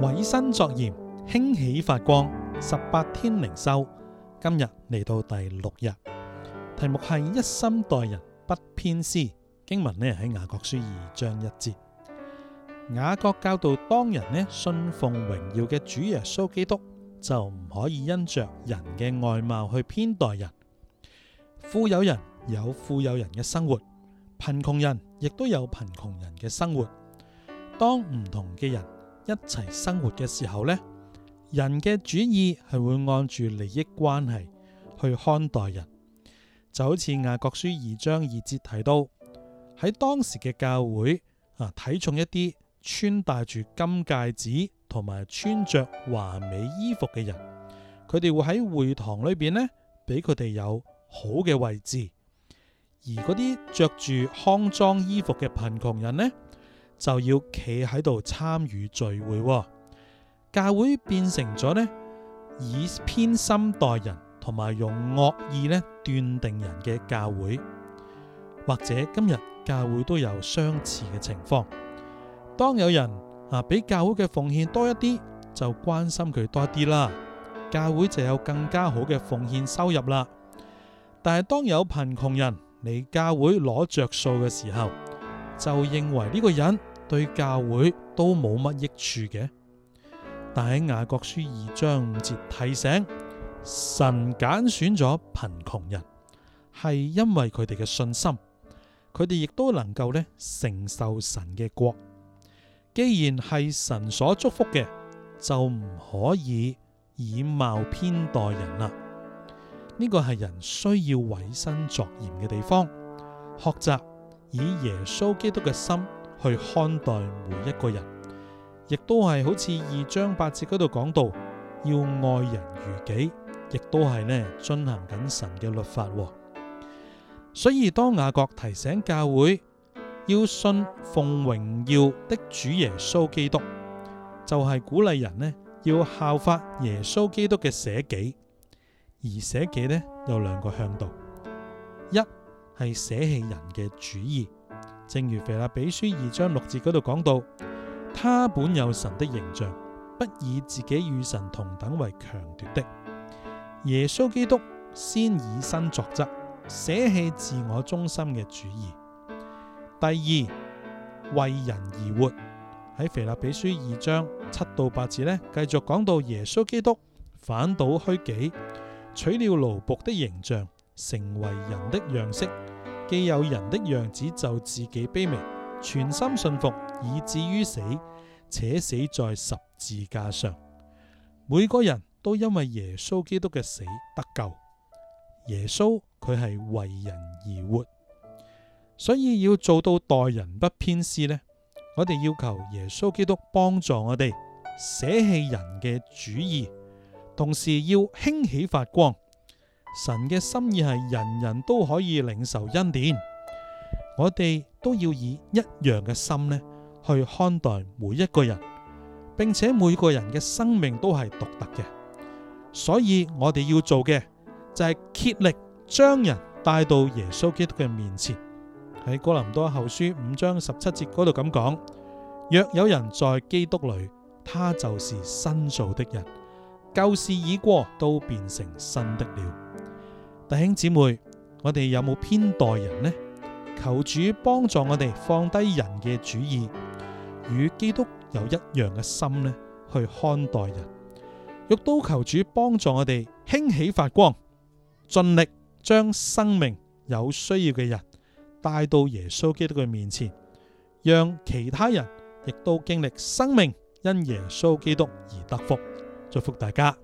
委身作鹽，興起發光，十八天靈修，今日嚟到第六日，題目係一心待人不偏私。經文呢喺雅各書二章一節，雅各教導當人呢信奉榮耀嘅主耶穌基督，就唔可以因着人嘅外貌去偏待人。富有人有富有人嘅生活，貧窮人亦都有貧窮人嘅生活。當唔同嘅人一齊生活嘅時候呢，人嘅主意係會按住利益關係去看待人，就好似《雅各書》二章二節提到，喺當時嘅教會啊，睇重一啲穿戴住金戒指同埋穿着華美衣服嘅人，佢哋會喺會堂裏邊呢，俾佢哋有好嘅位置，而嗰啲着住骯髒衣服嘅貧窮人呢，就要企喺度參與聚會，哦，教會變成咗呢，以偏心待人，同埋用惡意呢斷定人嘅教會，或者今日教會都有相似嘅情況。當有人啊俾教會嘅奉獻多一啲，就關心佢多一啲啦，教會就有更加好嘅奉獻收入啦。但係當有貧窮人嚟教會攞着數嘅時候，就認為呢個人對教會都冇乜益處嘅，但喺雅各書二章五節提醒，神揀選咗貧窮人係因為佢哋嘅信心，佢哋亦都能夠咧承受神嘅國。既然係神所祝福嘅，就唔可以以貌偏待人啦。呢個係人需要委身作鹽嘅地方，學習以耶穌基督嘅心。去看待每一個人，亦都係好似二章八節嗰度講到，要愛人如己，亦都係呢進行緊神嘅律法，哦。所以當雅各提醒教會要信奉榮耀的主耶穌基督，就係、是、鼓勵人呢要效法耶穌基督嘅捨己，而捨己呢有兩個向度，一係捨棄人嘅主意。正如腓立比書二章六字嗰度講到，他本有神的形象，不以自己與神同等為強奪的。耶穌基督先以身作則，捨棄自我中心嘅主意。第二，為人而活。喺腓立比書二章七到八字呢，繼續講到耶穌基督反倒虛己，取了奴僕的形象，成為人的樣式。既有人的樣子，就自己卑微，存心順服，以至於死，且死在十字架上。每個人都因為耶穌基督嘅死得救。耶穌佢係為人而活，所以要做到待人不偏私呢，我哋要求耶穌基督幫助我哋捨棄人嘅主意，同時要興起發光。神嘅心意係人人都可以領受恩典，我哋都要以一樣嘅心呢去看待每一個人，並且每個人嘅生命都係獨特嘅，所以我哋要做嘅就係竭力將人帶到耶穌基督嘅面前。喺哥林多後書五章十七節嗰度咁講：若有人在基督裏，他就是新造的人，舊事已過，都變成新的了。弟兄姊妹，我哋有冇偏待人呢？求主幫助我哋放低人嘅主意，與基督有一樣嘅心呢，去看待人。亦都求主幫助我哋興起發光，盡力將生命有需要嘅人帶到耶穌基督嘅面前，讓其他人亦都經歷生命因耶穌基督而得福。祝福大家。